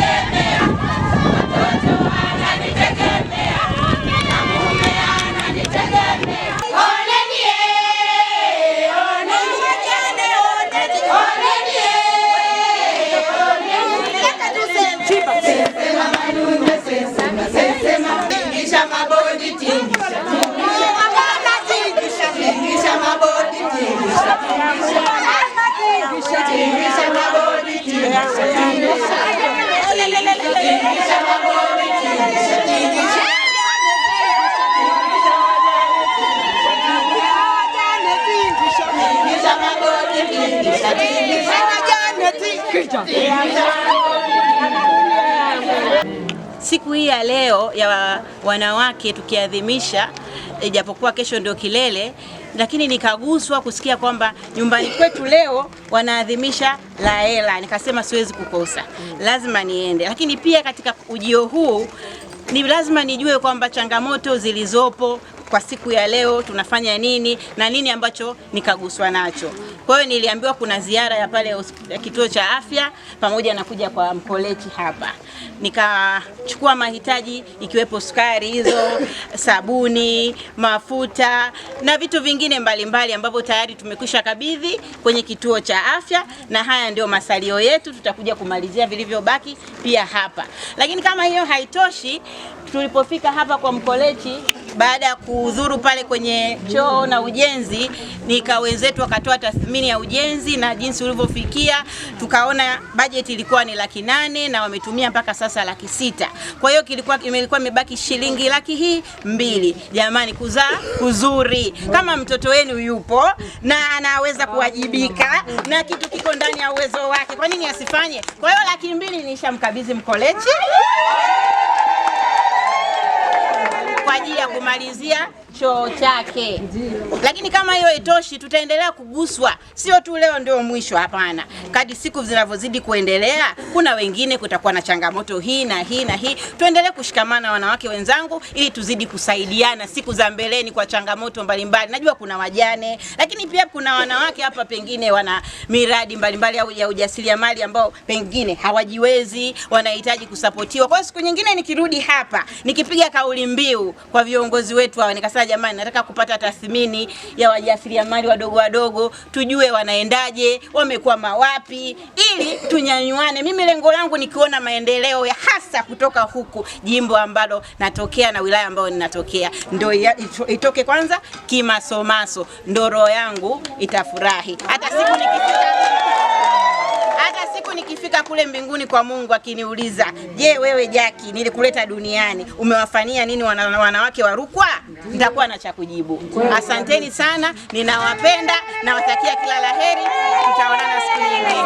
Take Siku hii ya leo ya wanawake tukiadhimisha, ijapokuwa kesho ndio kilele, lakini nikaguswa kusikia kwamba nyumbani kwetu leo wanaadhimisha Laela, nikasema siwezi kukosa, lazima niende. Lakini pia katika ujio huu ni lazima nijue kwamba changamoto zilizopo kwa siku ya leo tunafanya nini na nini ambacho nikaguswa nacho. Kwa hiyo niliambiwa kuna ziara ya pale kituo cha afya pamoja na kuja kwa Mkoleki hapa, nikachukua mahitaji ikiwepo sukari hizo, sabuni, mafuta na vitu vingine mbalimbali ambavyo tayari tumekwisha kabidhi kwenye kituo cha afya, na haya ndio masalio yetu, tutakuja kumalizia vilivyobaki pia hapa. Lakini kama hiyo haitoshi, tulipofika hapa kwa Mkoleki baada ya ku kuhudhuru pale kwenye choo na ujenzi, nika wenzetu wakatoa tathmini ya ujenzi na jinsi ulivyofikia, tukaona bajeti ilikuwa ni laki nane na wametumia mpaka sasa laki sita. Kwa hiyo kilikuwa imelikuwa imebaki shilingi laki hii mbili. Jamani, kuzaa kuzuri. Kama mtoto wenu yupo na anaweza kuwajibika na kitu kiko ndani ya uwezo wake, kwa nini asifanye? Kwa hiyo laki mbili nishamkabidhi Mkolechi kwa ajili ya kumalizia choo chake. Lakini kama hiyo itoshi, tutaendelea kuguswa, sio tu leo ndio mwisho, hapana. Kadi siku zinavyozidi kuendelea, kuna wengine kutakuwa na changamoto hii na hii na hii. Tuendelee kushikamana wanawake wenzangu, ili tuzidi kusaidiana siku za mbeleni kwa changamoto mbalimbali. Najua kuna wajane, lakini pia kuna wanawake hapa, pengine wana miradi mbalimbali au ya ujasiriamali ambao pengine hawajiwezi, wanahitaji kusapotiwa. Kwa hiyo siku nyingine nikirudi hapa, nikipiga kauli mbiu kwa viongozi wetu hawa nikasema jamani, nataka kupata tathmini ya wajasiriamali wadogo wadogo, tujue wanaendaje, wamekuwa mawapi ili tunyanyuane. Mimi lengo langu ni kuona maendeleo ya hasa kutoka huku jimbo ambalo natokea na wilaya ambayo ninatokea, ndo itoke kwanza kimasomaso, ndo roho yangu itafurahi hata siku nikifika mpaka siku nikifika kule mbinguni kwa Mungu akiniuliza, je, wewe Jaki, nilikuleta duniani umewafanyia nini wana, wanawake wa Rukwa? Nitakuwa na cha kujibu. Asanteni sana, ninawapenda, nawatakia kila laheri, tutaonana siku nyingine.